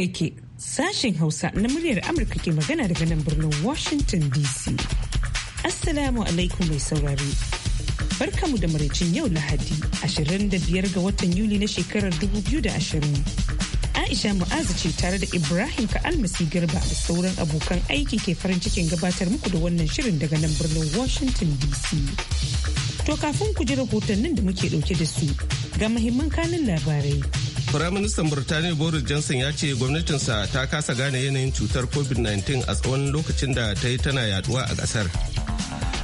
yake sashen Hausa na muryar Amurka ke magana daga nan birnin Washington DC. Assalamu alaikum mai saurari. Barkamu da maraicin yau Lahadi 25 ga watan Yuli na shekarar 2020. Aisha Mu'azu ce tare da Ibrahim ka almasi Garba da sauran abokan aiki ke farin cikin gabatar muku da wannan shirin daga nan birnin Washington DC. To kafin ku ji rahotannin da muke dauke da su ga mahimman kanin labarai. Firaministan Burtaniya Boris Johnson ya ce gwamnatinsa ta kasa gane yanayin cutar COVID-19 a tsawon lokacin da ta yi tana yaduwa a ƙasar.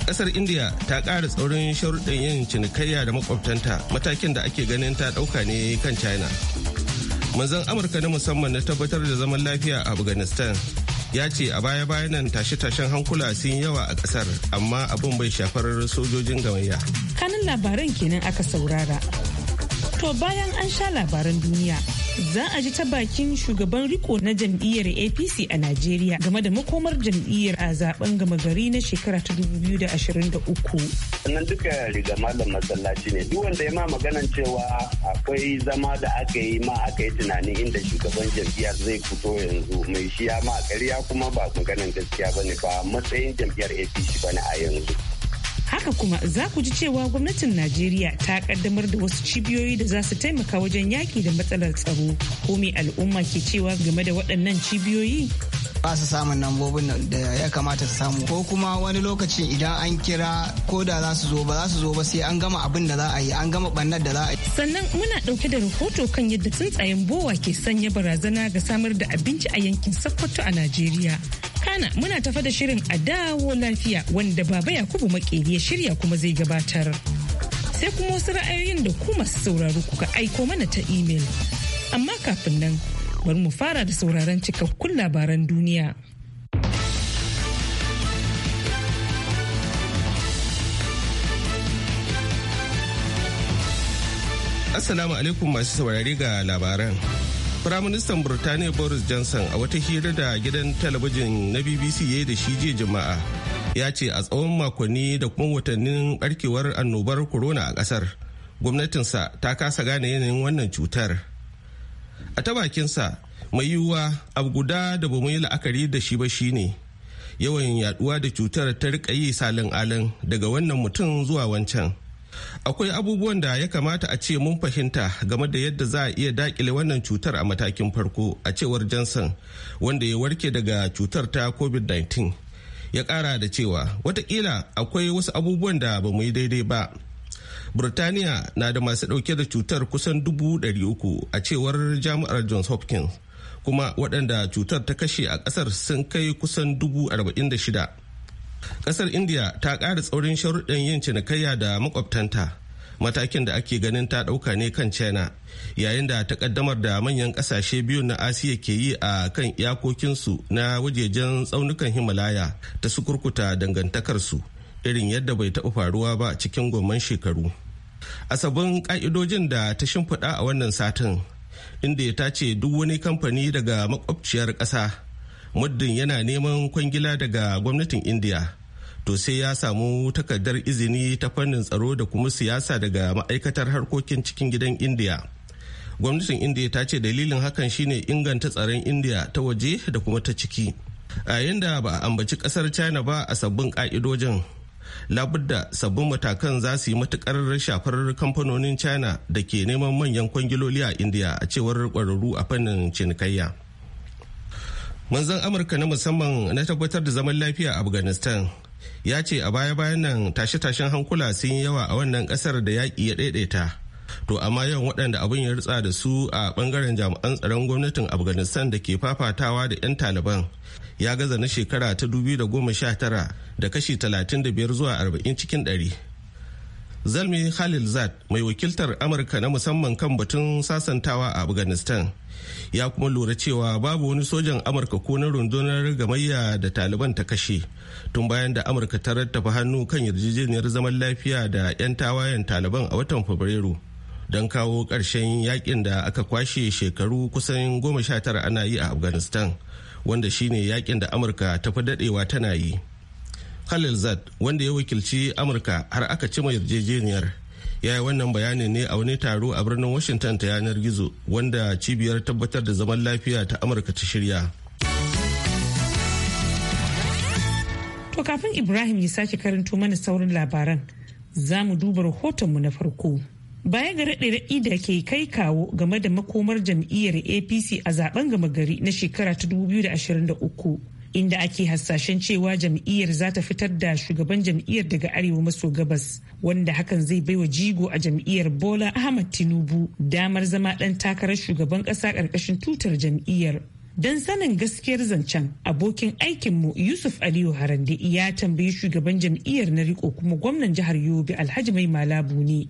Ƙasar India ta ƙara tsaurin sharuɗin yin cinikayya da makwabtanta matakin da ake ganin ta ɗauka ne kan China. Manzan Amurka na musamman na tabbatar da zaman lafiya a Afghanistan ya ce a baya-bayan nan tashe-tashen hankula sun yawa a ƙasar amma abin bai shafar sojojin gamayya. Kanin labaran kenan aka saurara. To bayan an sha labaran duniya, za a ji ta bakin shugaban riko na jam'iyyar APC a Najeriya game da makomar jam'iyyar a zaben gama gari na shekara ta 2023. Sannan duka riga malam masallaci ne. Duk wanda ya ma maganan cewa akwai zama da aka yi ma aka yi tunani inda shugaban jam'iyyar zai fito yanzu mai shi ya ma karya kuma ba maganan gaskiya bane ba matsayin jam'iyyar APC bane a yanzu. Haka kuma za ku ji cewa gwamnatin Najeriya ta kaddamar da wasu cibiyoyi da za su taimaka wajen yaki da matsalar tsaro. Ko me al'umma ke cewa game da waɗannan cibiyoyi? ba su samun lambobin da ya kamata su samu ko kuma wani lokaci idan an kira ko da za su zo ba za su zo ba sai an gama abin da za a yi an gama bannar da za a yi sannan muna ɗauke da rahoto kan yadda tsuntsayen bowa ke sanya barazana ga samar da abinci a yankin sokoto a najeriya Ghana muna tafa da shirin a dawo lafiya wanda baba yakubu makeri ya shirya kuma zai gabatar sai kuma wasu ra'ayoyin da kuma masu sauraro kuka aiko mana ta imel amma kafin nan bari mu fara da sauraron cikakkun labaran duniya Assalamu alaikum masu saurari ga labaran. Firaministan Burtaniya Boris Johnson a wata hira da gidan talabijin na BBC ya da shi jiya Juma'a ya ce a tsawon makonni da kuma watannin barkewar annobar corona a kasar gwamnatinsa ta kasa gane yanayin wannan cutar. A ta bakinsa mai yiwuwa abu guda da bamu yi la'akari da shi ba shine yawan yaduwa da cutar ta riƙa yi salin alin daga wannan mutum zuwa wancan. akwai abubuwan da ya kamata a ce mun fahimta game da yadda za a iya dakile wannan cutar a matakin farko a cewar johnson wanda ya warke daga cutar ta covid-19 ya kara da cewa watakila akwai wasu abubuwan da ba mu yi daidai ba burtaniya na da masu dauke da cutar kusan dubu uku a cewar jami'ar johns hopkins kuma waɗanda cutar ta kashe a ƙasar sun kai kusan dubu arba'in da shida. Kasar India ta kara tsaurin sharuɗin yin cinikayya da makwabtanta. matakin da ake ganin ta ɗauka ne kan china yayin da takaddamar da manyan ƙasashe biyu na asiya ke yi a kan iyakokinsu na wajejen tsaunukan himalaya ta sukurkuta dangantakarsu irin yadda bai taɓa faruwa ba cikin gomman shekaru asabin ƙa'idojin da ta shimfiɗa a wannan satin inda ta ce duk wani kamfani daga makwabciyar ƙasa muddin yana neman kwangila daga gwamnatin india to sai ya samu takardar izini ta fannin tsaro da kuma siyasa daga ma'aikatar harkokin cikin gidan india gwamnatin india ta ce dalilin hakan shine inganta tsaron india ta waje da kuma ta ciki a yadda ba a ambaci kasar china ba a sabbin ka'idojin labudda sabbin matakan za su yi matukar shafar kamfanonin china da ke neman manyan kwangiloli a india a cewar kwararru a fannin cinikayya manzan amurka na musamman na tabbatar da zaman lafiya a afghanistan ya ce a baya-bayan nan tashe-tashen hankula sun yi yawa a wannan kasar da yaƙi ya ɗaiɗaita to amma yawan waɗanda abin ya rutsa da su a ɓangaren jami'an tsaron gwamnatin afghanistan da ke fafatawa da 'yan taliban ya gaza na shekara ta 2019 da kashi 35 zuwa 40 cikin ɗari. Zalmi Khalilzad mai wakiltar Amurka na musamman kan batun sasantawa a Afghanistan. Ya kuma lura cewa babu wani sojan Amurka ko na rundunar gamayya da Taliban ta kashe tun bayan da Amurka ta rattafa hannu kan yarjejeniyar zaman lafiya da 'yan tawayen Taliban a watan Fabrairu. Don kawo ƙarshen yakin da aka kwashe shekaru kusan goma sha tara ana yi a Afghanistan, wanda shine yakin da Amurka ta fi daɗewa tana yi. Khalil Zad wanda ya wakilci Amurka har aka cima yarjejeniyar ya yi wannan bayanin ne a wani taro a birnin Washington ta yanar gizo wanda cibiyar tabbatar da zaman lafiya ta Amurka ta shirya. To kafin Ibrahim ya sake karanto mana sauran labaran za mu duba rahotonmu na farko. Baya ga raɗe-raɗi da ke kai kawo game da makomar jam'iyyar APC a zaben gama gari na shekara ta 2023. inda ake hasashen cewa jam'iyyar za ta fitar da shugaban jam'iyyar daga arewa maso gabas wanda hakan zai baiwa jigo a jam'iyyar bola ahmad tinubu damar zama ɗan takarar shugaban ƙasa ƙarƙashin tutar jam'iyyar don sanin gaskiyar zancen abokin aikinmu yusuf aliyu harande ya tambayi shugaban jam'iyyar na riko kuma gwamnan jihar yobe alhaji mai malabu ne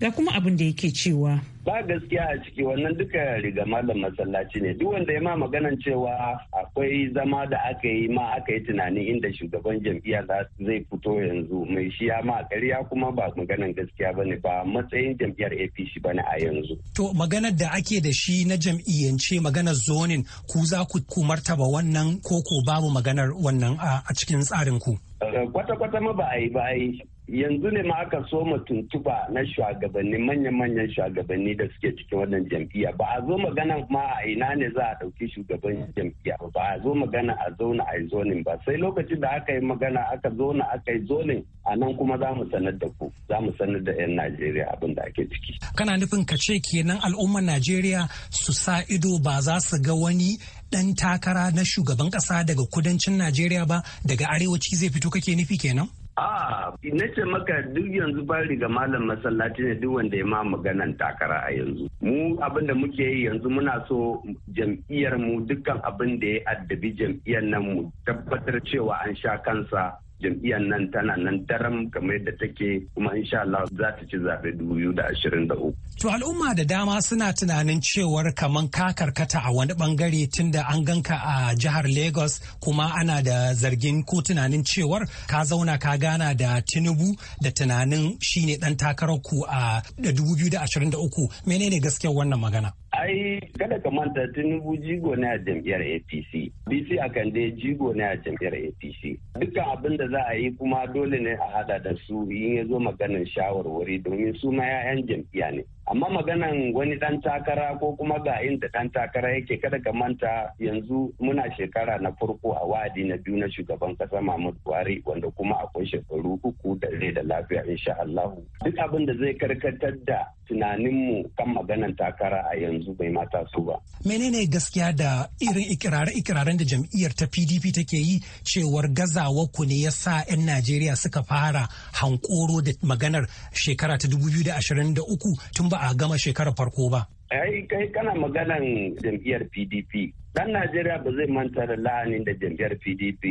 ga kuma abin da yake cewa. Ba gaskiya a ciki wannan duka riga malam masallaci ne duk wanda ya ma maganan cewa akwai zama da aka yi ma aka yi tunanin inda shugaban jam'iyya zai fito yanzu mai shi ya ma ƙarya kuma ba maganan gaskiya bane ba matsayin jam'iyyar APC ba bane a yanzu. To maganar da ake da shi na jam'iyyance maganar zonin ku za ku martaba wannan koko babu maganar wannan a cikin tsarin ku. Eh, kwata-kwata ma ba a yi ba a yi yanzu ne ma aka soma tuntuba na shugabanni manya-manyan shugabanni da suke cikin wannan jam'iyya ba a zo magana ma a ina ne za a ɗauki shugaban jam'iyya ba a zo magana a zauna a yi zonin ba sai lokacin da aka yi magana aka zauna aka yi zonin a nan kuma za mu sanar da ku za mu sanar da 'yan najeriya abin da ake ciki kana nufin ka ce kenan al'ummar najeriya su sa ido ba za su ga wani ɗan takara na shugaban ƙasa daga kudancin najeriya ba daga arewaci zai fito kake nufi kenan Ah, na ce maka duk yanzu ba riga malam masallaci ne duk wanda ya ma maganan takara a yanzu. Mu abin da muke yi yanzu muna so jam'iyyar mu dukkan abin da ya addabi jam'iyyar nan mu tabbatar cewa an sha kansa jam'iyyar nan tana nan daram kamar yadda take kuma insha Allah za ta ci zaɓe 2023. To al'umma da dama suna tunanin cewar kamar ka karkata a wani bangare da an ganka a jihar Lagos kuma ana da zargin ko tunanin cewar ka zauna ka gana da Tinubu da tunanin shine dan takararku a 2023 menene gaskiyar wannan magana? ai kada ka manta tinubu jigo ne a jam'iyyar apc bc a kan dai jigo ne a jam'iyyar apc dukkan abin da za a yi kuma dole ne a hada da su in ya zo maganin shawarwari domin su ma 'ya'yan jam'iyya ne amma maganan wani dan takara ko kuma ga inda dan takara yake kada ka manta yanzu muna shekara na farko a wa'adi na biyu na shugaban kasa Mahmud Buhari wanda kuma akwai shekaru uku da rai da lafiya insha Allah duk abin da zai karkatar da tunaninmu kan maganan takara a yanzu bai mata su ba menene gaskiya da irin ikirare-ikiraren da jam'iyyar ta PDP take yi cewar gazawa ku ne yasa 'yan Najeriya suka fara hankoro da maganar shekara ta 2023 tun ba a gama shekarar farko ba. Ai kai kana maganan jam'iyyar PDP. Dan Najeriya ba zai manta da la'anin da jam'iyyar PDP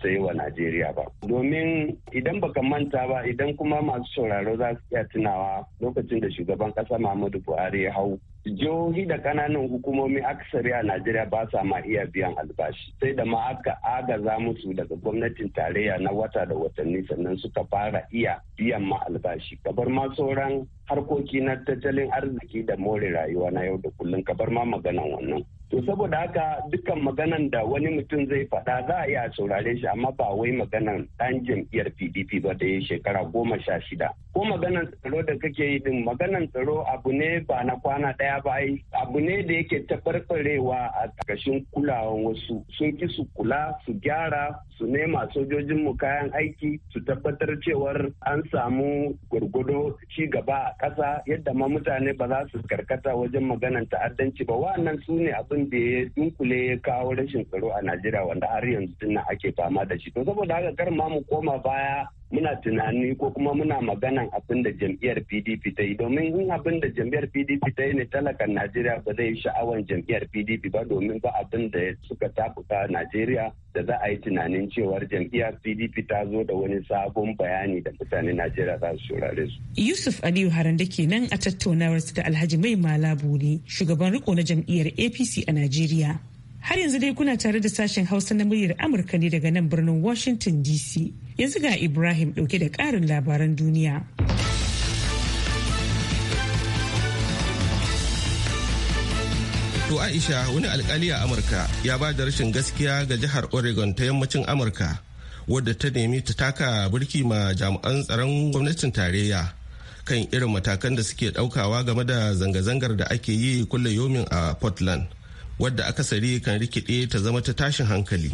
ta yi wa Najeriya ba. Domin idan baka manta ba idan kuma masu sauraro za su iya tunawa lokacin da shugaban ƙasa Muhammadu Buhari ya hau jihohi da kananan hukumomi aksari a najeriya ba sa ma iya biyan albashi sai da ma aka agaza musu daga gwamnatin tarayya na wata da watanni sannan suka fara iya biyan ma albashi kabar ma sauran harkoki na tattalin arziki da more rayuwa na yau da kullum kabar ma maganan wannan to saboda haka dukkan maganan da wani mutum zai faɗa za a iya saurare shi amma ba wai maganan ɗan jam'iyyar pdp ba da ya shekara goma sha shida ko maganan tsaro da kake yi din maganan tsaro abu ne ba na kwana ɗaya ba ai abu ne da yake taɓarɓarewa a ƙarshen kulawan wasu sun ki su kula su gyara su nema sojojin mu kayan aiki su tabbatar cewar an samu gwargwado ci gaba a ƙasa yadda ma mutane ba za su karkata wajen maganan ta'addanci ba wa'annan su ne abin abin da ya dunkule ya kawo rashin tsaro a najeriya wanda har yanzu tun ake fama da shi to saboda haka kar ma mu koma baya muna tunani ko kuma muna maganan abin da jam'iyyar pdp ta yi domin in abin da jam'iyyar pdp ta yi ne talakan najeriya ba zai yi sha'awan jam'iyyar pdp ba domin ba abin da suka tafuka najeriya da za a yi tunanin cewar jam'iyyar pdp ta zo da wani sabon bayani da mutane najeriya za su saurare su yusuf aliyu haran da ke nan a tattaunawar su da alhaji mai malabu ne shugaban riko na jam'iyyar apc a najeriya Har yanzu dai kuna tare da sashen Hausa na muryar Amurka ne daga nan birnin Washington DC. Yanzu ga Ibrahim ɗauke da ƙarin labaran duniya. To Aisha wani alkali a Amurka ya ba da rashin gaskiya ga jihar Oregon ta yammacin Amurka wadda ta nemi ta taka birki ma jami'an tsaron gwamnatin tarayya kan irin matakan da suke ɗaukawa game da zanga-zangar da ake yi kulle yomin a Portland. wadda aka akasari kan rikide ta zama ta tashin hankali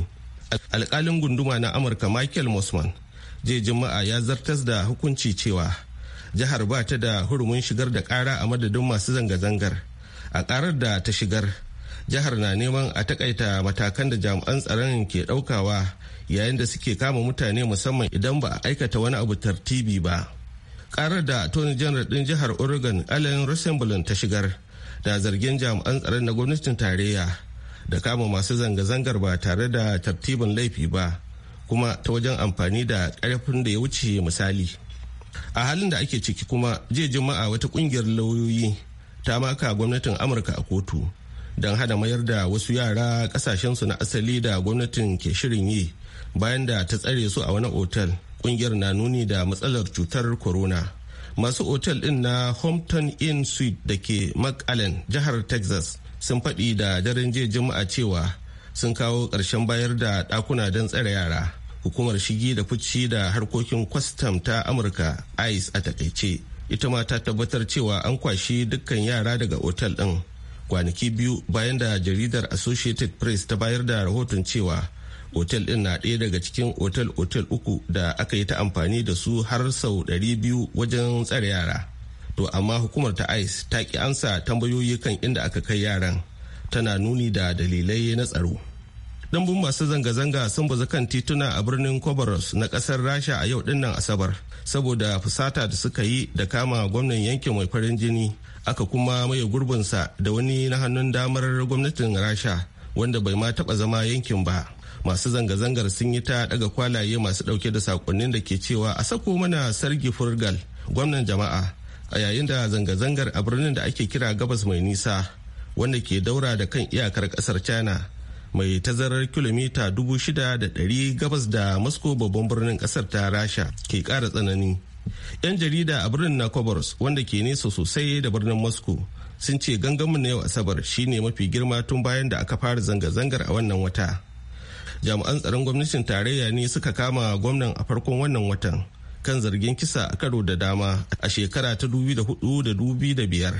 alkalin gunduma na amurka michael mosman jiya juma'a ya zartas da hukunci cewa jihar ba ta da hurumin shigar da kara a madadin masu zanga-zangar a karar da ta shigar jihar na neman a takaita matakan da jami'an tsaron ke ɗaukawa yayin da suke kama mutane musamman idan ba a aikata wani abu tartibi ba ƙarar da Tony general din jihar oregon allen rosenblum ta shigar da zargin jami'an tsaron na gwamnatin tarayya da kama masu zanga-zangar ba tare da tartibin laifi ba kuma ta wajen amfani da ƙarfin da ya wuce misali a halin da ake ciki kuma jiya juma'a wata ƙungiyar lauyoyi ta maka gwamnatin amurka a kotu don hada mayar da wasu yara ƙasashensu na asali da gwamnatin ke shirin yi bayan da ta tsare su a wani otal ƙungiyar na nuni da matsalar cutar corona masu otel din na Hampton Inn Suite da ke McAllen jihar Texas sun faɗi da daren jiya Juma'a cewa sun kawo ƙarshen bayar da ɗakuna don tsare yara. Hukumar shigi da fici da harkokin kwastam ta Amurka ICE a takaice. Ita ma ta tabbatar cewa an kwashi dukkan yara daga otel din Kwanaki biyu bayan da jaridar Associated Press ta bayar da rahoton cewa otel din na ɗaya daga cikin otel-otel uku da aka yi ta amfani da su har sau 200 wajen tsare yara to amma hukumar ta ice ta ki ansa tambayoyi kan inda aka kai yaran tana nuni da dalilai na tsaro dambun masu zanga-zanga sun bazu kan tituna a birnin kobaros na kasar rasha a yau dinnan asabar saboda fusata da suka yi da kama gwamnan yankin mai farin jini aka kuma maye gurbinsa da wani na hannun damar gwamnatin rasha wanda bai ma taba zama yankin ba masu zanga-zangar sun yi ta daga kwalaye masu dauke da sakonnin da ke cewa a sako mana sargi furgal gwamnan jama'a a yayin da zanga-zangar a birnin da ake kira gabas mai nisa wanda ke daura da kan iyakar kasar china mai tazarar kilomita 6,100 gabas da moscow babban birnin kasar ta rasha ke kara tsanani yan jarida a birnin na wanda ke nesa sosai da birnin moscow sun ce gangamin na yau asabar shine mafi girma tun bayan da aka fara zanga-zangar a wannan wata jami'an tsaron gwamnatin tarayya ne suka kama gwamnan a farkon wannan watan kan zargin kisa a karo da dama a shekara ta dubi da biyar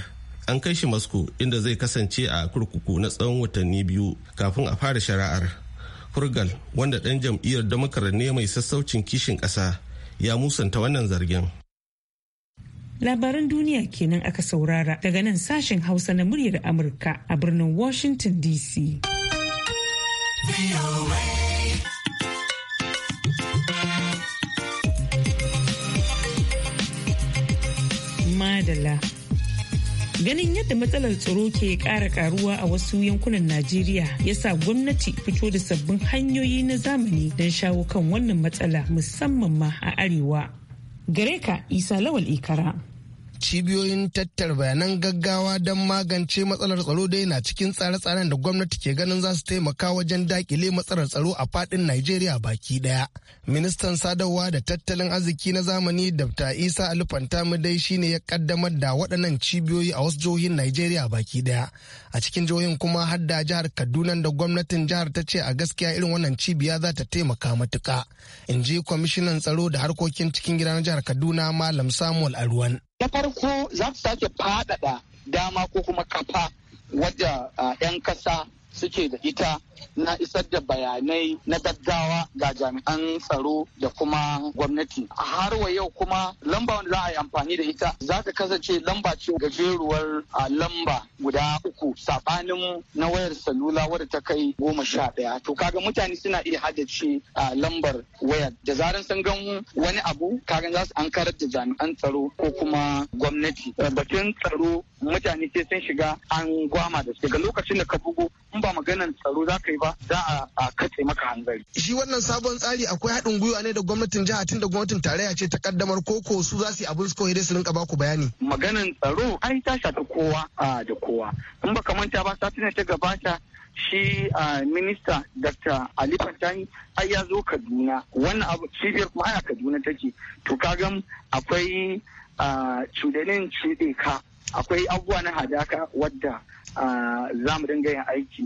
an kai shi masko inda zai kasance a kurkuku na tsawon watanni biyu kafin a fara shari'ar furgal wanda ɗan jam'iyyar damakar ne mai sassaucin kishin ƙasa ya musanta wannan zargin labaran duniya kenan aka saurara daga nan sashen hausa na muryar amurka a birnin washington dc Madala. Ganin yadda matsalar tsaro ke ƙara karuwa a wasu yankunan Najeriya ya sa gwamnati fito da sabbin hanyoyi na zamani don shawo kan wannan matsala musamman ma a Arewa. gareka Isa Lawal Ikara. cibiyoyin tattar bayanan gaggawa don magance matsalar tsaro dai na cikin tsare-tsaren da gwamnati ke ganin za su taimaka wajen dakile matsalar tsaro a fadin Najeriya baki daya. Ministan sadarwa da tattalin arziki na zamani Dr. Isa Alfantami dai shine ya kaddamar da waɗannan cibiyoyi a wasu jihohin Najeriya baki daya. A cikin jihohin kuma har da jihar Kaduna da gwamnatin jihar ta ce a gaskiya irin wannan cibiya za ta taimaka matuka. In ji kwamishinan tsaro da harkokin cikin gida na jihar Kaduna Malam Samuel Aruwan. na farko za su sake faɗaɗa dama ko kuma kafa wadda ah, 'yan kasa suke da ita na isar da bayanai na gaggawa ga jami'an tsaro da kuma gwamnati. A har wa yau kuma lamba wanda za a yi amfani da ita za ta kasance lamba ce gajeruwar lamba guda uku saɓanin na wayar salula wadda ta kai goma sha ɗaya. To kaga mutane suna iya haddace a lambar wayar da zarar sun gan wani abu kaga za su an karar da jami'an tsaro ko kuma gwamnati. Batun tsaro mutane sai sun shiga an gwama da su daga lokacin da ka bugu. in ba maganan tsaro za ka yi ba za a katse maka hanzari. Shi wannan sabon tsari akwai haɗin gwiwa ne da gwamnatin jiha tun da gwamnatin tarayya ce ta kaddamar koko su za su yi abin su kawai dai su rinka baku bayani. Maganan tsaro ai ta shafi kowa da kowa. In ba manta ba satin ta gabata shi minista Dr. Ali Fantani ai ya zo Kaduna wannan abu cibiyar kuma ana Kaduna take to kagan akwai cudanin cuɗe ka akwai abubuwa na hadaka wadda za mu dinga yin aiki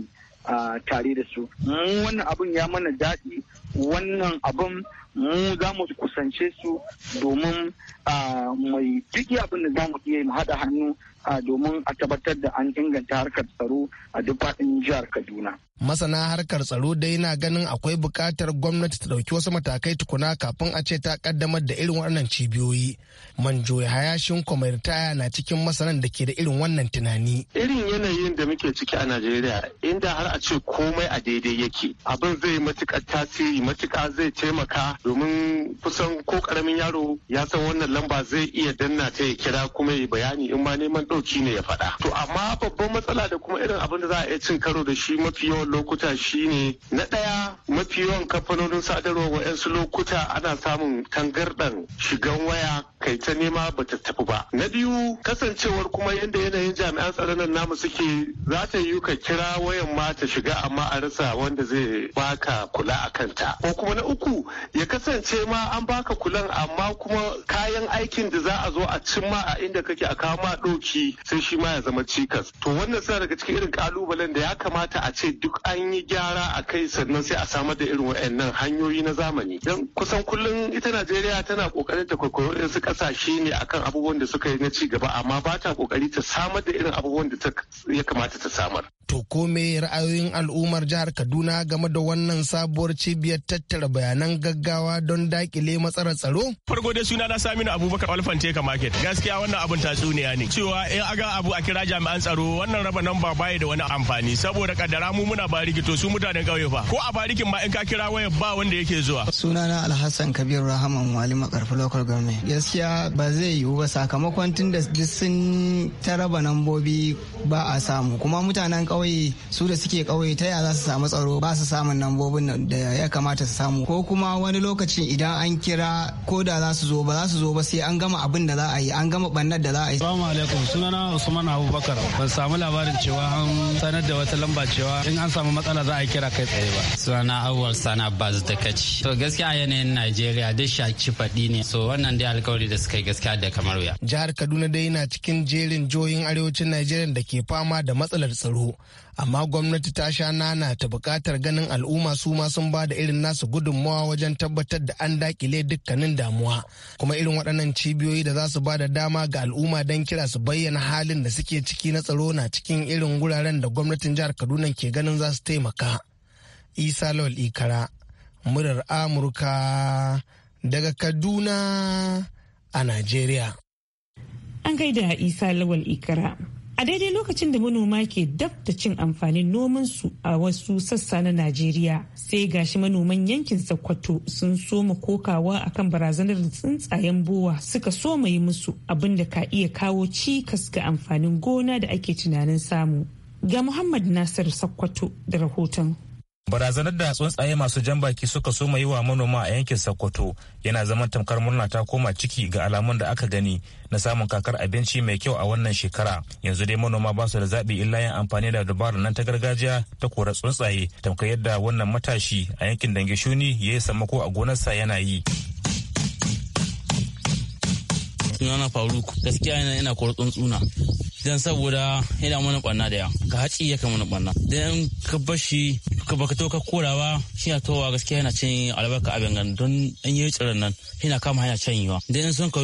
tare da su mu wannan abun ya mana daɗi wannan abun mu za mu kusance su domin mai duk abin da za mu iya mu haɗa hannu a domin a tabbatar da an inganta harkar tsaro a duk faɗin jihar Kaduna. Masana harkar tsaro dai na ganin akwai buƙatar gwamnati ta ɗauki wasu matakai tukuna kafin a ce ta ƙaddamar da irin wannan cibiyoyi. Manjo Hayashin Kwamirtaya na cikin masanan da ke da irin wannan tunani. Irin yanayin da muke ciki a Najeriya inda har a ce komai a daidai yake abin zai matuƙar tasiri matuƙa zai taimaka domin kusan ko ƙaramin yaro ya san wannan lamba zai iya danna ta ya kira kuma ya bayani in ma neman ɗauki ne ya faɗa to amma babban matsala da kuma irin abin da za a iya cin karo da shi mafi yawan lokuta shine na ɗaya mafi yawan kamfanonin sadarwa wa'yansu lokuta ana samun tangarɗan shigan waya kai ta nema ba ta tafi ba na biyu kasancewar kuma yadda yanayin jami'an tsaron nan namu suke za ta yi ka kira wayan ma ta shiga amma a rasa wanda zai baka kula a kanta ko kuma na uku ya kasance ma an baka kulan amma kuma kayan aikin da za a zo a cimma a inda kake a kawo ma ɗauki ciki sai shi ma ya zama cikas to wannan suna daga cikin irin kalubalen da ya kamata a ce duk an yi gyara a kai sannan sai a samar da irin wa'annan hanyoyi na zamani don kusan kullum ita najeriya tana kokarin ta kwaikwayo irin su kasashe ne akan abubuwan da suka yi na ci gaba amma ba ta kokari ta samar da irin abubuwan da ya kamata ta samar To me ra'ayoyin al'ummar jihar Kaduna game da wannan sabuwar cibiyar tattara bayanan gaggawa don dakile matsalar tsaro? Farko dai suna na Saminu Abubakar Alfanteka Market. Gaskiya wannan abun tatsuniya ne. Cewa in aga abu a kira jami'an tsaro wannan raba nan ba baya da wani amfani saboda kaddara mu muna bariki to su mutanen ƙauye fa. Ko a barikin ma in ka kira wayar ba wanda yake zuwa. Sunana Alhassan Kabir Rahman, Wali Makarfi Local Government. Gaskiya ba zai yiwu ba sakamakon tun da sun ta raba nambobi ba a samu kuma mutanen ƙauye ƙauye su da suke ƙauye ta yaya za su samu tsaro ba su samun lambobin da ya kamata su samu ko kuma wani lokacin idan an kira ko da za su zo ba za su zo ba sai an gama abin da za a yi an gama bannar da za a yi. Assalamu alaikum sunana Usman Abubakar ban samu labarin cewa an sanar da wata lamba cewa in an samu matsala za a kira kai tsaye ba. Sunana Awwal Sani Abbas da Kaci. To gaskiya yanayin Najeriya duk ci faɗi ne so wannan dai alkawari da suka yi gaskiya da kamar wuya. Jihar Kaduna dai na cikin jerin jihohin arewacin Najeriya da ke fama da matsalar tsaro amma gwamnati ta sha nana ta bukatar ganin al'umma su ma sun ba da irin nasu gudunmawa wajen tabbatar da an dakile dukkanin damuwa kuma irin waɗannan cibiyoyi da za su ba da dama ga al'umma don kira su bayyana halin da suke ciki na tsaro na cikin irin wuraren da gwamnatin jihar kaduna ke ganin za su taimaka isa lawal ikara murar amurka daga kaduna a najeriya an gaida isa lawal ikara a daidai lokacin da manoma ke dab da cin amfanin nomansu a wasu sassa na najeriya sai gashi manoman yankin sokoto sun soma kokawa akan barazanar tsuntsayen bowa suka soma yi musu abin da ka iya kawo cikas ga amfanin gona da ake tunanin samu ga muhammad nasir sokoto da rahoton barazanar da tsuntsaye masu jan baki suka soma yi wa manoma a yankin sokoto yana zama tamkar murna ta koma ciki ga alamun da aka gani na samun kakar abinci mai kyau a wannan shekara yanzu dai manoma ba su da zaɓi illa yin amfani da dabarar nan ta gargajiya ta kora tsuntsaye tamkar yadda wannan matashi a yankin dange shuni ya yi sammako a gonarsa yana yi sunana faruk gaskiya yana kora tsuntsuna dan saboda yana mana da yawa ga hatsi yakan mana kwanna dan ka bashi ka baka to ka korawa shi na towa gaskiya yana cin albarka abin gan don an yi tsirin nan yana kama hanya canyewa don dan sun ka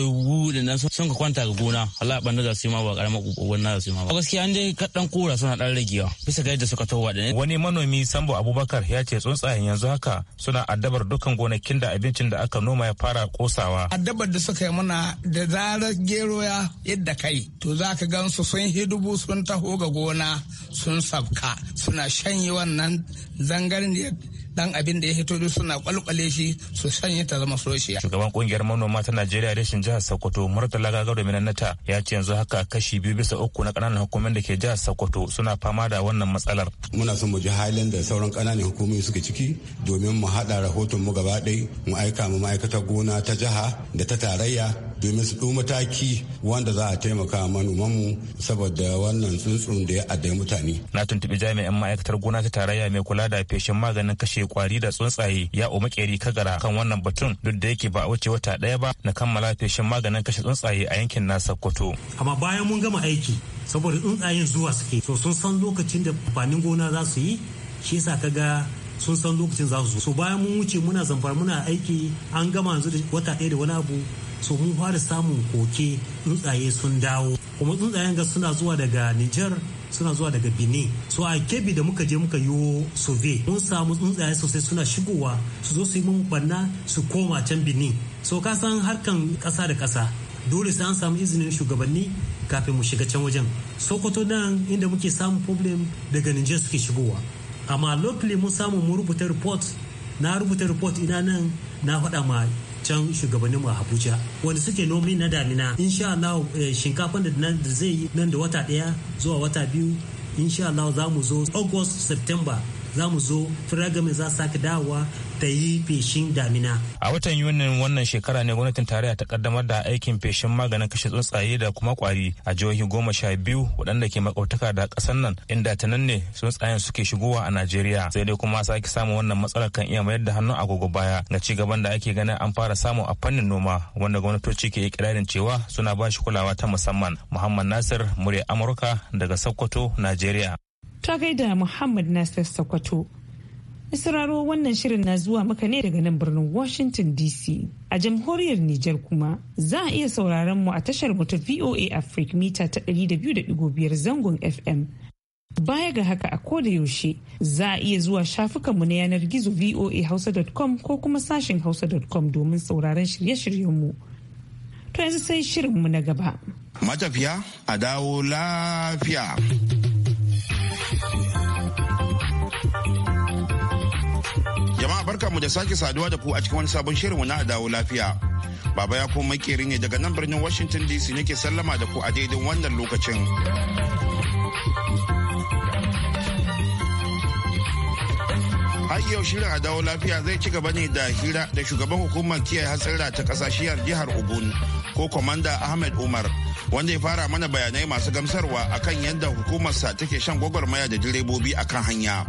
da nan sun ka kwanta ga gona Allah banda za su yi ma ba karamar wannan za su yi ma ba gaskiya an dai ka dan kora suna dan ragewa bisa ga yadda suka towa da wani manomi Sambo Abubakar ya ce tsuntsayen yanzu haka suna addabar dukkan gonakin da abincin da aka noma ya fara kosawa addabar da suka yi mana da zarar gero ya yadda kai to za ka gansu sun hidubu sun taho ga gona sun sabka suna shanye wannan zangarniyar dan abin da ya hito duk suna kwalkwale shi su sanya ta zama soshiya. Shugaban kungiyar manoma ta Najeriya shin jihar Sokoto Murtala Gagaro nata ya ce yanzu haka kashi biyu bisa uku na kananan hukumomin da ke jihar Sokoto suna fama da wannan matsalar. Muna son mu ji halin da sauran kananan hukumomi suke ciki domin mu haɗa rahoton mu gaba mu aika mu ma'aikatar gona ta jiha da ta tarayya domin su mataki wanda za a taimaka manomanmu saboda wannan tsuntsun da ya adai mutane. Na tuntubi jami'an ma'aikatar gona ta tarayya mai kula da feshin maganin kashe kwari da tsuntsaye ya makeri kagara kan wannan batun duk da yake ba a wuce wata ɗaya ba na kammala feshin maganin kashe tsuntsaye a yankin na Sokoto. Amma bayan mun gama aiki saboda tsuntsayen zuwa suke so sun san lokacin da amfanin gona za su yi shi yasa ga sun san lokacin za su zo. So bayan mun wuce muna zamfara muna aiki an gama yanzu da wata ɗaya da wani abu so mun fara samun koke tsuntsaye sun dawo kuma tsuntsayen ga suna zuwa daga niger suna zuwa daga benin so a kebi da muka je muka yi sove mun samu tsuntsaye sosai suna shigowa su zo su yi mun banna su koma can benin so ka san harkan kasa da kasa dole sai an samu izinin shugabanni kafin mu shiga can wajen sokoto nan inda muke samun problem daga niger suke shigowa amma locally mun samu mu rubuta report na rubuta report ina nan na faɗa ma can shugabannin mu a Abuja wanda suke nomi na damina insha Allah eh, shinkafan da zai yi nan da wata daya zuwa wata biyu insha Allah za mu zo August September za mu zo firagamin za su sake dawowa ta yi feshin damina. A watan Yunin wannan shekara ne gwamnatin tarayya ta kaddamar da aikin feshin maganin kashe tsuntsaye da kuma kwari a jihohi goma sha biyu waɗanda ke makautaka da ƙasar nan inda ta nan ne tsuntsayen suke shigowa a Najeriya sai dai kuma sake samun wannan matsalar kan iya mayar da hannu agogo baya ga ci gaban da ake ganin an fara samu a fannin noma wanda gwamnatoci ke ikirarin cewa suna ba shi kulawa ta musamman. Muhammad Nasir, murya Amurka daga Sokoto, Najeriya. ta gaida Muhammad Nasir Sokoto. Sauraro wannan shirin na zuwa maka ne daga nan birnin Washington DC. A jamhuriyar Nijar kuma za a iya sauraron mu a tashar mu ta VOA Africa mita ta 200.5 zangon FM. Baya ga haka a koda yaushe za a iya zuwa shafukanmu na yanar gizo voahausa.com ko kuma sashin hausa.com domin sauraron shirye-shiryenmu. To yanzu sai shirinmu na gaba. Matafiya a dawo lafiya. barka mu da sake saduwa da ku a cikin wani sabon shirinmu na dawo lafiya. Baba ya kuma makeri ne daga nan birnin Washington DC nake sallama da ku a daidai wannan lokacin. har yau shirin a dawo lafiya zai ci gaba ne da hira da shugaban hukumar kiyaye hatsira ta kasashiyar jihar ogun ko komanda ahmed umar wanda ya fara mana bayanai masu gamsarwa akan yadda hukumarsa take shan gwagwarmaya da direbobi akan hanya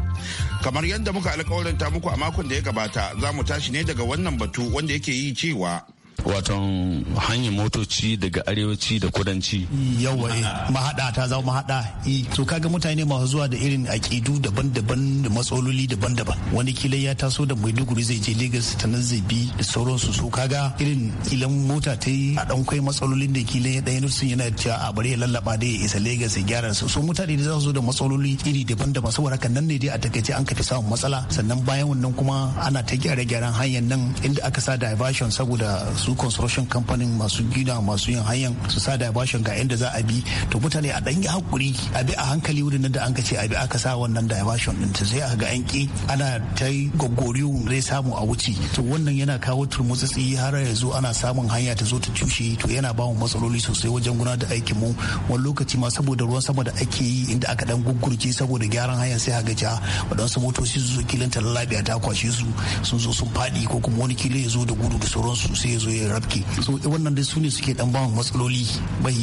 kamar yadda muka ta muku a makon da ya gabata za mu tashi ne daga wannan batu wanda yake yi cewa waton hanyar motoci daga arewaci da kudanci yawa eh, mahada ta zama mahada eh, to kaga mutane masu zuwa da irin akidu daban-daban da matsaloli daban-daban wani kila ya taso da maiduguri zai je lagos ta nan zai bi da sauransu so kaga irin kilan mota ta yi a dan matsalolin da kila ya ɗaya nutsin yana cewa a bari ya lallaba da ya isa lagos ya gyara su so mutane da za su zo da matsaloli iri daban-daban saboda haka nan ne dai a takaice an kafi samun matsala sannan bayan wannan kuma ana ta gyare-gyaren hanyar nan inda aka sa diversion saboda su construction company masu gina masu yin hanyar su sa da bashin ga inda za a bi to mutane a dan yi hakuri a bi a hankali wurin da an kace ce a bi aka sa wannan da bashin din sai a ga an ki ana ta gogoriyu zai samu a wuce to wannan yana kawo turmutsitsi har ya ana samun hanya ta zo ta cushe to yana ba mu matsaloli sosai wajen gudanar da aikin mu wani lokaci ma saboda ruwan sama da ake yi inda aka dan gugurje saboda gyaran hanya sai ga ja waɗansu motoci su zo kilin a ta kwashe su sun zo sun faɗi ko kuma wani kila ya zo da gudu da sauransu sai ya zo ya rafke so wannan dai su ne suke dan ba matsaloli mai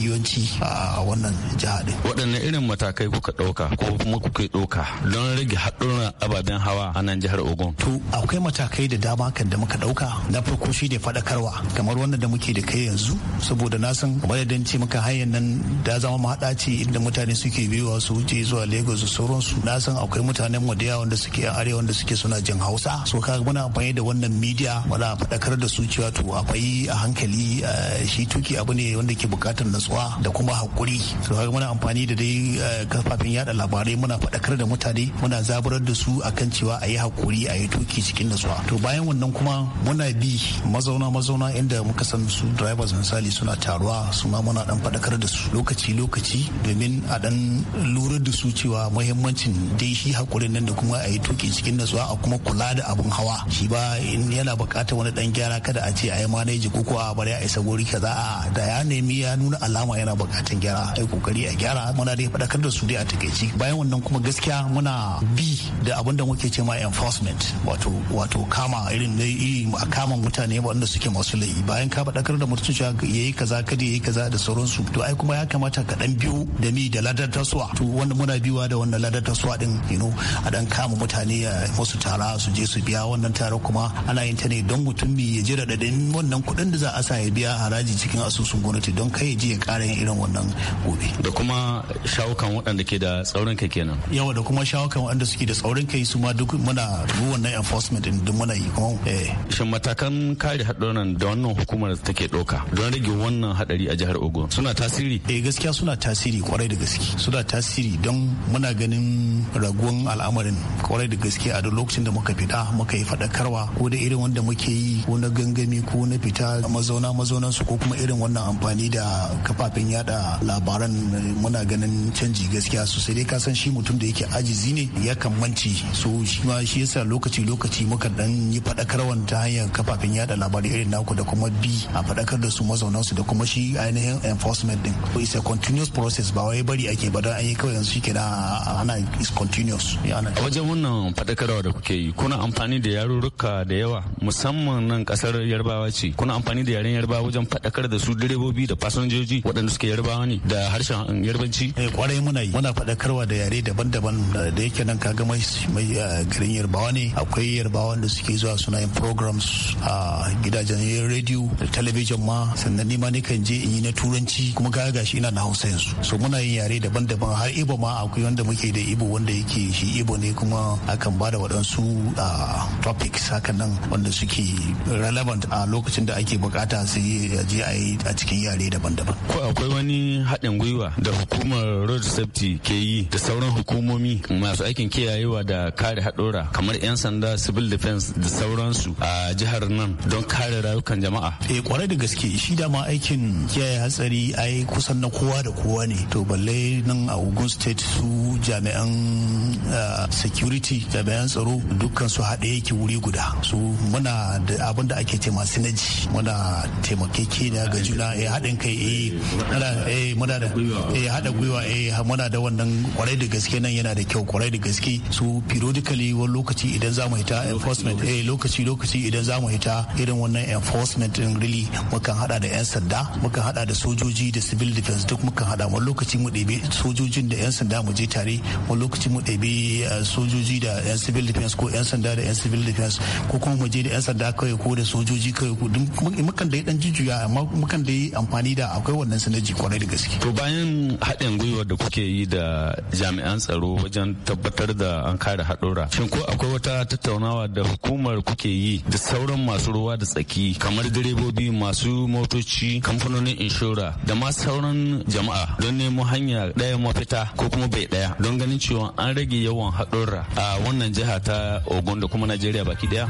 a wannan jiha din waɗanne irin matakai kuka ɗauka ko kuma kuka ɗauka don rage haɗurran ababen hawa a nan jihar ogun to akwai matakai da dama kan da muka ɗauka na farko shi ne faɗakarwa kamar wannan da muke da kai yanzu saboda na san kamar yadda ce muka hanyar nan da zama mahaɗa ce inda mutane suke biyowa su wuce zuwa lagos da sauransu na san akwai mutane mu da yawa da suke arewa da suke suna jin hausa so kaga muna amfani da wannan media wala faɗakar da su cewa to akwai hankali a hankali eh, shi tuki abu ne wanda ke bukatar natsuwa da kuma hakuri to kaga muna amfani da dai eh, kafafen yada labarai muna faɗakar da mutane muna zaburar da su akan cewa a yi hakuri a yi tuki cikin natsuwa to bayan wannan kuma muna bi mazauna mazauna inda muka san su drivers misali suna taruwa su muna dan faɗakar da su lokaci lokaci domin a dan lura da su cewa muhimmancin dai shi hakurin nan da kuma a yi tuki cikin natsuwa a kuma kula da abun hawa shi ba in yana bukatar wani dan gyara kada a ce a yi gareji ko kuwa bari a isa gori kaza a da ya nemi ya nuna alama yana bukatun gyara ai kokari a gyara muna da fadakar da su dai a takeici bayan wannan kuma gaskiya muna bi da abin da muke cewa enforcement wato wato kama irin da kama mutane waɗanda suke masu laifi bayan ka fadakar da mutum cewa yayi kaza kada yayi kaza da sauransu to ai kuma ya kamata ka dan biyo da mi da ladar tasuwa to wanda muna biwa da wannan ladar tasuwa din you know a dan kama mutane musu tara su je su biya wannan tare kuma ana yin ta ne don mutum ya ji raɗaɗin wannan kuɗin da za a sa ya biya haraji cikin asusun gwamnati don kai ya ya ƙara yin irin wannan gobe. Da kuma shawukan waɗanda ke da tsaurin kai kenan. Yawa da kuma shawukan waɗanda suke da tsaurin kai su ma duk muna bu wannan enforcement din duk muna yi eh. Shin matakan kare haɗarin da wannan hukumar take ɗauka don rage wannan haɗari a jihar Ogun suna tasiri? Eh gaskiya suna tasiri kwarai da gaske suna tasiri don muna ganin raguwan al'amarin kwarai da gaske a duk lokacin da muka fita muka yi faɗakarwa ko da irin wanda muke yi ko na gangami ko na fita ita mazauna mazaunan ko kuma irin wannan amfani da kafafen yada labaran muna ganin canji gaskiya sosai dai kasan shi mutum da yake ajizi ne ya manci so shi ma shi yasa lokaci lokaci muka dan yi fadakarwan ta hanyar kafafen yada labarai irin naku da kuma bi a fadakar da su mazaunan su da kuma shi ainihin enforcement din it's a continuous process ba wai bari ake ba don an yi kawai yanzu na ana is continuous wajen wannan fadakarwa da kuke yi kuna amfani da yarurruka da yawa musamman nan kasar yarbawa ce kuna amfani da yaren yarba wajen faɗakar da su direbobi da fasinjoji waɗanda suke yarbawa ne da harshen yarbanci eh, kwarai muna yi muna faɗakarwa da yare daban-daban eh, da yake nan kaga mai mai eh, garin yarbawa ne akwai yarbawa da suke zuwa suna yin programs a gidajen radio da talabijin ma sannan ni ma kan je in yi na turanci kuma kaga gashi ina na hausa yanzu so muna yin yare daban-daban har ibo ma akwai wanda muke da ibo wanda yake shi ibo ne kuma akan da waɗansu ah, topics haka nan wanda suke relevant a lokacin da da ake bukata su yi je a yi a cikin yare daban-daban. Ko akwai wani haɗin gwiwa da hukumar road safety ke yi da sauran hukumomi masu aikin kiyayewa da kare haɗora kamar 'yan sanda civil defense da sauransu a jihar nan don kare rayukan jama'a. Eh kwarai da gaske shi dama aikin kiyaye hatsari ai kusan na kowa da kowa ne to balle nan a Ogun state su jami'an security jami'an tsaro dukkan su haɗe yake wuri guda su muna da abin da ake ce masu naji muna taimakekeniya ga juna a eh, haɗin kai eh, a eh, haɗa gwiwa a muna da wannan kwarai da gaske nan yana da kyau kwarai da gaske su periodically wani lokaci idan za mu hita enforcement a lokaci lokaci idan za mu hita irin wannan enforcement din really mukan hada da yan sanda mukan hada da sojoji da civil defense duk mukan hada wani lokaci mu ɗebe sojojin da yan sanda mu je tare wani lokaci mu ɗebe sojoji da yan civil defense ko yan sanda da yan civil defense ko kuma mu je da yan sanda kawai ko da sojoji kawai ko duk mukan da ya dan jujjuya amma mukan da yi amfani da akwai wannan sanaji kwarai da gaske to bayan haɗin gwiwar da kuke yi da jami'an tsaro wajen tabbatar da an kare haɗura shin ko akwai wata tattaunawa da hukumar kuke yi da sauran masu ruwa da tsaki kamar direbobi masu motoci kamfanonin inshora da ma sauran jama'a don nemo hanya ɗaya mafita ko kuma bai ɗaya don ganin cewa an rage yawan haɗura a wannan jiha ta ogun da kuma najeriya baki ɗaya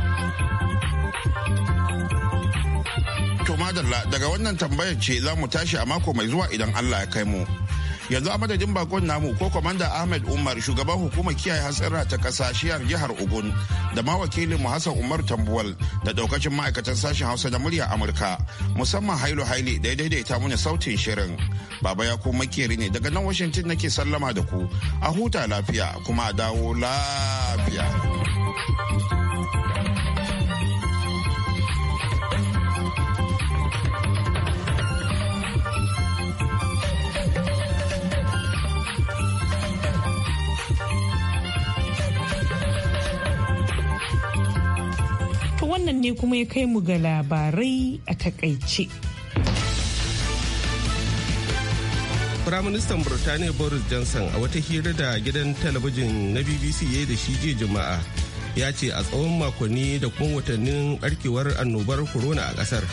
To madalla daga wannan tambayar ce za mu tashi a mako mai zuwa idan Allah ya kai mu. Yanzu a madadin bakon namu ko kwamanda Ahmed Umar shugaban hukumar kiyaye hatsara ta kasa shiyar jihar Ogun da ma wakilin mu Hassan Umar Tambuwal da daukacin ma'aikatan sashen Hausa da murya Amurka musamman Hailu Haile da ya daidaita mana sautin shirin. Baba ya kuma makeri ne daga nan Washington nake sallama da ku a huta lafiya kuma a dawo lafiya. wannan ne kuma ya kai mu ga labarai a takaice. Firaministan Birtaniya Boris Johnson a wata hira da gidan talabijin na BBC ya da shi jiya Juma'a ya ce a tsawon makonni da kuma watannin barkewar annobar corona a kasar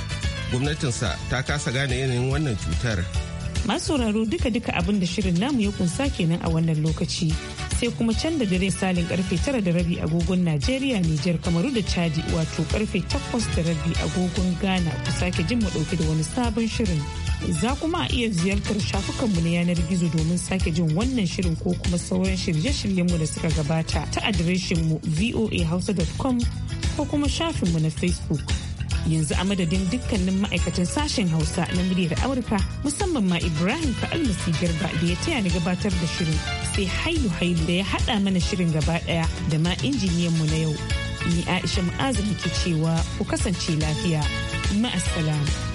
gwamnatinsa ta kasa gane yanayin wannan cutar. Masu sauraro duka-duka abin da shirin namu ya kunsa kenan a wannan lokaci. Sai kuma can da dare salin karfe tara da rabi agogon Najeriya, Nijar, Kamaru da Chadi wato karfe takwas da rabi agogon Ghana ku sake jin mu dauke da wani sabon shirin. Za kuma a iya ziyartar shafukanmu na yanar gizo domin sake jin wannan shirin ko kuma sauran shirye-shiryenmu da suka gabata ta adireshinmu voahausa.com ko kuma shafinmu na Facebook. yanzu a madadin dukkanin ma'aikatan sashen hausa na muryar amurka musamman ma ibrahim almasi garba da ya taya ni gabatar da shirin sai hailu hailu da ya haɗa mana shirin gaba ɗaya da ma injiniyan mu na yau ni aisha mu'azu ke cewa ku kasance lafiya ma'assalam.